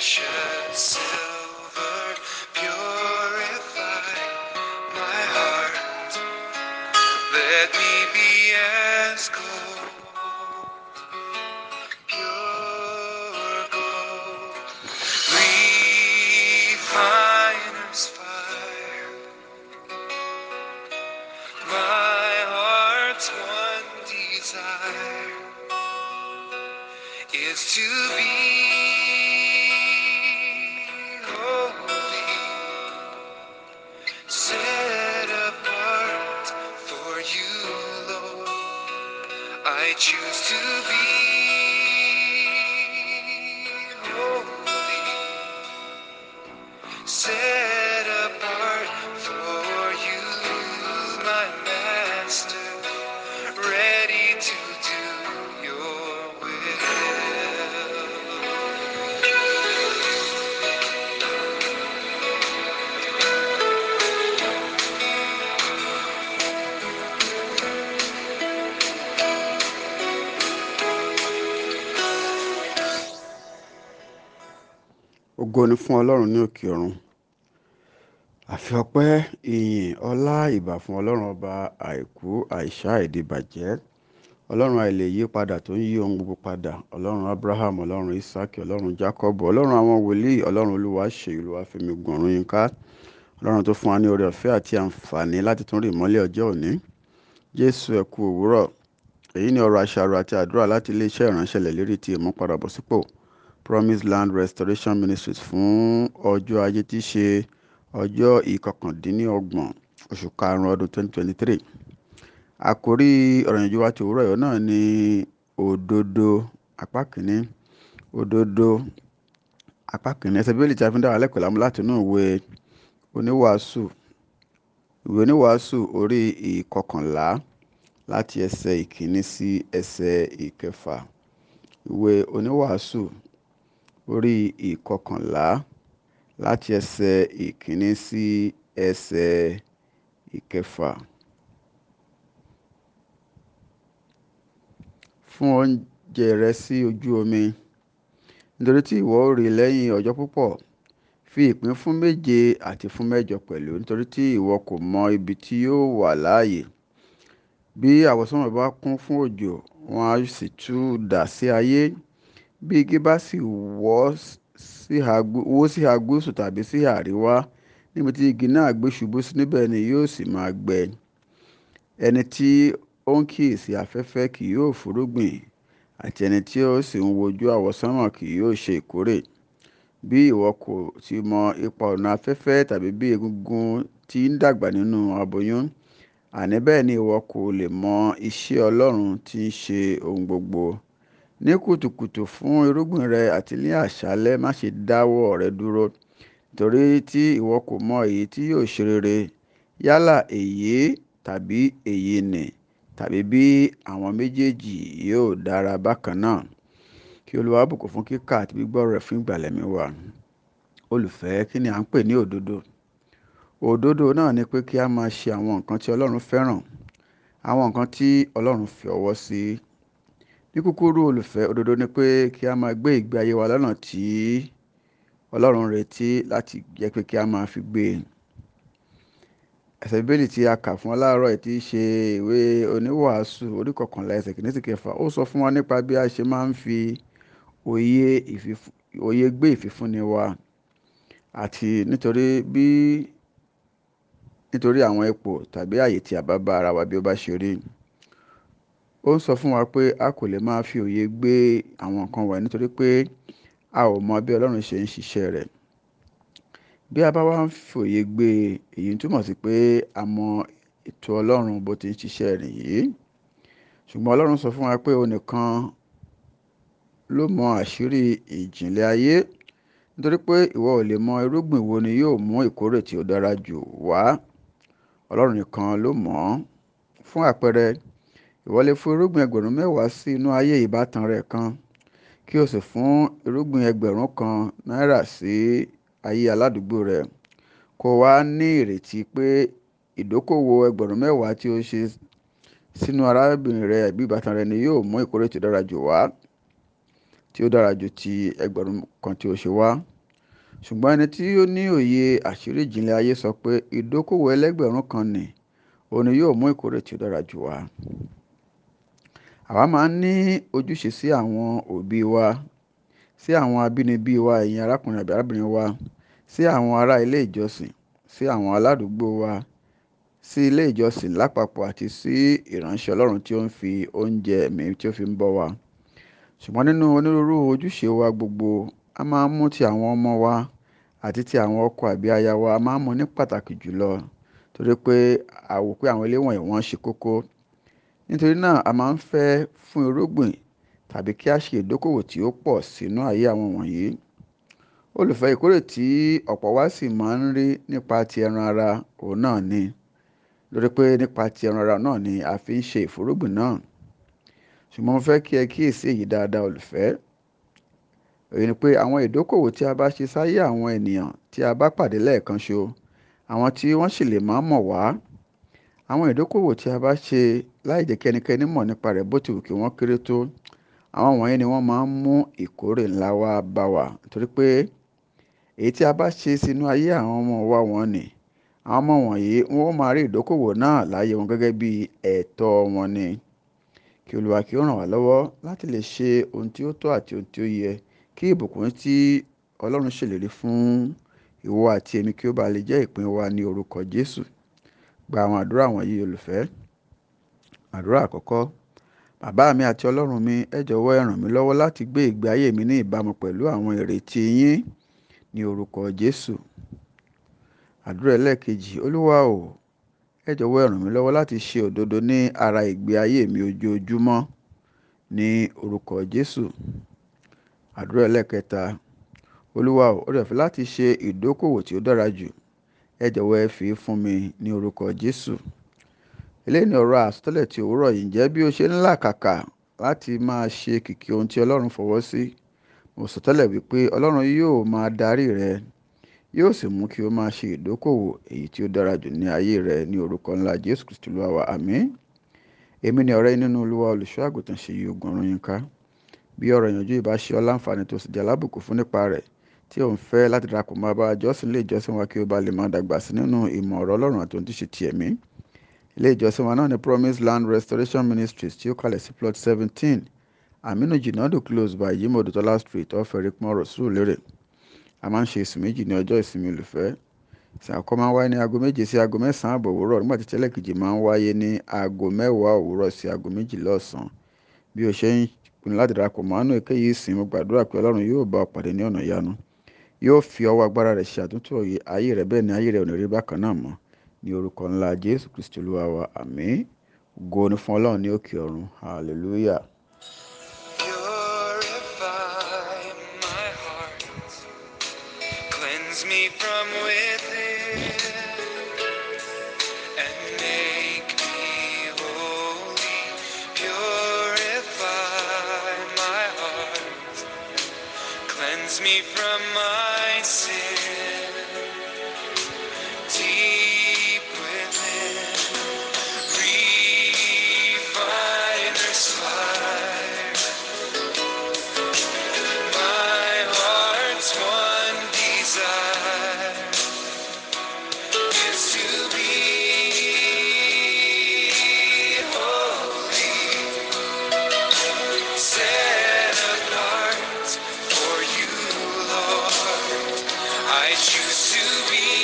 should say. choose to be. ògo ni fún ọlọ́run ní òkè ọ̀run àfi ọpẹ́ ìyìn ọlá ìbà fún ọlọ́run ọba àìkú àìṣá ìdìbàjẹ́ ọlọ́run àìlè yí padà tó ń yí ohun gbogbo padà ọlọ́run abraham ọlọ́run isaac ọlọ́run jacob ọlọ́run àwọn wòlíì ọlọ́run olúwa ṣe olúwa fẹmi gbọ̀nrún yín ká ọlọ́run tó fún wa ní oore ọ̀fẹ́ àti àǹfààní láti tún rí ìmọ́lẹ̀ ọjọ́ òní jésù ẹ̀kú òwúrọ̀ èyí ni ọ̀rọ̀ àṣàrò àti àdúrà láti iléeṣẹ́ ìránṣẹ́lẹ̀ lérí ti ìmúpadàbọ̀sípò promise land restoration ministries fún ọjọ́ ajé tí í ṣe ọjọ́ ìkọkàndínlọ́gbọ̀n oṣù karùn-ún ọdún twenty twenty three àkórí ọ̀rọ̀ ìjọba ti òwúrọ̀ yọ̀ náà ni òdodo apá kìíní òdodo apá kìíní ẹsẹ̀ bíbélì tí a fi ń dára lẹ́kọ̀ọ́ lámú láti inú ìwé oníwàásù ìwé oníwàásù orí ìkọkànlá láti ẹsẹ̀ ìkíní sí ẹsẹ̀ ìkẹfà ìwé oníwàásù orí ìkọkànlá láti ẹsẹ̀ ìkíní sí ẹsẹ̀ ìkẹfà. fún oúnjẹ rẹ sí ojú omi nítorí tí ìwọ ó rí lẹ́yìn ọjọ́ púpọ̀ fi ìpín fún méje àti fún mẹ́jọ pẹ̀lú nítorí tí ìwọ kò mọ ibi tí yóò wà láàyè bí àwọsánmọ̀ bá kún fún òjò wọn á sì tú dà sí ayé bí igi bá sì wọ́ síhà gúúsù tàbí síhà àríwá níbi tí igi náà gbé ṣubú sí níbẹ̀ ni yóò sì máa gbẹ ẹni tí ó ń kíyèsí afẹ́fẹ́ kì yóò fúrúgbìn àti ẹni tí ó sì ń wojú àwọsánmọ̀ kì yóò ṣe ìkórè bí ìwọ kò ti mọ ipa ọ̀nà afẹ́fẹ́ tàbí bí egungun ti ń dàgbà nínú aboyún àní bẹ́ẹ̀ ni ìwọ kò lè mọ iṣẹ́ ọlọ́run tí ń ṣe ohun gbogbo ní kùtùkùtù fún irúgbìn rẹ àti ní àṣálẹ́ má ṣe dáwọ́ rẹ dúró torí tí ìwọ kò mọ èyí tí yóò ṣe rere yálà èyí tàbí èyí nì tàbí bí àwọn méjèèjì yóò dára bákan náà kí olúwa bùkún fún kíkà àti gbígbọ́ rẹ̀ fún ìgbàlẹ̀ mi wà olùfẹ́ kí ni à ń pè ní òdodo òdodo náà ni pé kí a máa ṣe àwọn nǹkan tí ọlọ́run fẹ́ràn àwọn nǹkan tí ọlọ́run fi ọwọ́ sí. Si ní kúkúrú olùfẹ́ òdodo ni pé kí a máa gbé ìgbé ayé wa lọ́nà tí ọlọ́run retí láti jẹ́ pé kí a máa fi gbé e ẹsẹ̀ bíbélì tí a kà fún aláàárọ̀ yìí tí í ṣe ìwé oníwàásù orí kọkànlá ẹsẹ̀ kìíní sí kẹfà ó sọ fún wa nípa bí a ṣe máa ń fi òye òye gbé ìfifúnni wa àti nítorí bí nítorí àwọn ipò tàbí àyè tí a bá bá ara wa bí ó bá ṣe rí ó ń sọ fún wa pé a kò lè máa fi òye gbé àwọn nǹkan wọ̀nyí nítorí pé a ò mọ bí ọlọ́run ṣe ń ṣiṣẹ́ rẹ̀ bí a bá wá ń fòye gbé èyí túmọ̀ sí pé a mọ ètò ọlọ́run bó ti ń ṣiṣẹ́ nìyí ṣùgbọ́n ọlọ́run sọ fún wa pé òun nìkan ló mọ àṣírí ìjìnlẹ̀ ayé nítorí pé ìwọ ò lè mọ irúgbìn wo ni yóò mú ìkórè tí ó dára jù wá ọlọ́run nìkan ló mọ̀ ọ́n fún àpẹẹrẹ ìwọ lè fún irúgbìn ẹgbẹ̀rún mẹ́wàá sí inú ayé ìbátan rẹ̀ kan kí o sì fún irúgbìn ẹgbẹ̀rún kan náírà sí ayé aládùúgbò rẹ̀ kó wàá ní ìrètí pé ìdókòwò ẹgbẹ̀rún mẹ́wàá tí o ṣe sínú arábìnrin rẹ àbí ìbátan rẹ ni yóò mú ìkórè tí ó dára jù wá tí ó dára jù ti ẹgbẹ̀rún kan tí o ṣe wá ṣùgbọ́n ẹni tí ó ní òye àṣírí ìjìnlẹ̀ ayé sọ pé ìdókòwò ẹlẹ́gbẹ̀rún kan ni òun ni yóò mú ìkórè tí ó dára jù wá àwa máa ń ní ojúṣe sí àwọn òbí wa, sí àwọn abínibí wa, ìyẹn arákùnrin àbí arábìnrin wa, sí àwọn ará ilé ìjọsìn, sí àwọn aládùúgbò wa, sí ilé ìjọsìn lápapọ̀ àti sí ìránṣẹ́ Ọlọ́run tí ó ń fi oúnjẹ ẹ̀mí tí ó fi ń bọ́ wa. Ṣùgbọ́n nínú onírúurú ojúṣe wa gbogbo, a máa ń mú ti àwọn ọmọ wa àti ti àwọn ọkọ àbí aya wa, a máa ń mú ní pàtàkì jùlọ torí pé a wò pé àwọn wọ́n ṣe kókó nítorí náà a máa ń fẹ́ fún irúgbìn tàbí kí a ṣe ìdókòwò tí ó pọ̀ sínú ayé àwọn wọ̀nyí olùfẹ́ ìkórè tí ọ̀pọ̀ wa sì máa ń rí nípa ti ẹran ara òun náà ni lórí pé nípa ti ẹran ara náà ni a fi ń ṣe ìfúrúgbìn náà ṣùgbọ́n mo fẹ́ kí ẹ kíyèsí èyí dáadáa olùfẹ́ èyí ni pé àwọn ìdókòwò tí a bá ṣe sáyé àwọn ènìyàn tí a bá pàdé lẹ́ẹ̀kan ṣo àwọn tí wọ́n sì lè má mọ̀ wá Àwọn ìdókòòwò tí a bá ṣe láìjẹ́ kí ẹnikẹ́ni mọ̀ nípa rẹ̀ bó ti wù kí wọ́n kéré tó, àwọn wọ̀nyí ni wọ́n máa ń mú ìkórè ńlá wá bá wa. Nítorí pé èyí tí a bá ṣe sínú ayé àwọn ọmọ wa wọ́n ni. Àwọn ọmọ wọ̀nyí wọ́n ó máa rí ìdókòòwò náà láyé wọn gẹ́gẹ́ bí ẹ̀tọ́ wọn ni. Kí Olúwa kí ó ràn wá lọ́wọ́ láti lè ṣe ohun tí ó tọ́ àti ohun tí ó yẹ kí ìbùkún tí Ọlọ́run ṣèlérí fún ìwọ àti èmi kí ó bá lè jẹ́ ìpín wa ní orúkọ Jésù. Gba àwọn àdúrà wọ̀nyí olùfẹ́. Àdúrà àkọ́kọ́. Bàbá mi àti Ọlọ́run mi, ẹ jọ̀wọ́ ẹ ràn mí lọ́wọ́ láti gbé ìgbé ayé mi ní ìbámu pẹ̀lú àwọn ìrètí yín ní orúkọ Jésù. Àdúrà ẹlẹ́ẹ̀kejì. Olúwa o, ẹ jọ̀wọ́ ẹ ràn mí lọ́wọ́ láti ṣe òdodo ní ara ìgbé ayé mi ojoojúmọ́ ní orúkọ Jésù. Àdúrà ẹlẹ́ẹ̀kẹta. Olúwa o, ore ọ̀fẹ́ láti ṣe ìdókòwò tí ó dára jù ẹ jọ̀wọ́ ẹ fi fún mi ní orúkọ jésù eléyìí ni ọ̀rọ̀ àsọtẹ́lẹ̀ ti òwúrọ̀ yìí ǹjẹ́ bí o ṣe ń làkàkà láti máa ṣe kìkì ohun tí ọlọ́run fọwọ́ sí mo sọtẹ́lẹ̀ wípé ọlọ́run yóò máa darí rẹ yóò sì mú kí o máa ṣe ìdókòwò èyí tí ó dára jù ní ayé rẹ ní orúkọ ńlá jésù kristu ló wà àmín èmi ni ọ̀rẹ́ nínú olúwa olùṣọ́ àgùntàn ṣèyí ogun ọ̀run yín ká bí ọ̀rọ̀ ìyànjú ìbá ṣe tó sì di alábùkún fún nípa rẹ̀ tí ò ń fẹ́ láti darapọ̀ mọ́ abá jọ́sìn ilé ìjọsìn wa kí o bá lè máa dàgbà sí nínú ìmọ̀ ọ̀rọ̀ ọlọ́run àti ohun tí ṣe ilé ìjọsìn wa náà ni promise land restoration ministries tí ó kalẹ̀ sí plot seventeen aminu jinadu close by yimodotola street ọ̀fẹ́rẹ́pọ̀n rọ̀ṣù lérè a máa ń ṣe ìsìn méjì ní ọjọ́ ìsinmi olùfẹ́ ìsàkọ́ máa ń wáyé ní aago méje sí aago mẹ́sàn-án àbọ̀ òwúrọ̀ nígbà tí tẹ́lẹ̀ kejì máa ń wáyé ní aago mẹ́wàá òwúrọ̀ sí aago méjìlá ọ̀sán bí o ṣe ń pinnu láti darapọ̀ mọ́ àánú èkéyìí ìsìn mo gbàdúrà pé ọlọ́run yóò bá ọ yóò fi ọwọ́ agbára rẹ̀ ṣe àtúntò ayé rẹ̀ bẹ́ẹ̀ ni ayé rẹ̀ ò ní rí bákan náà mọ́ ní orúkọ ńlá jésù kristi olúwa wa àmín ògo ni fún ọlọ́run ní òkè ọ̀run hallelujah. me from my see. I choose to be.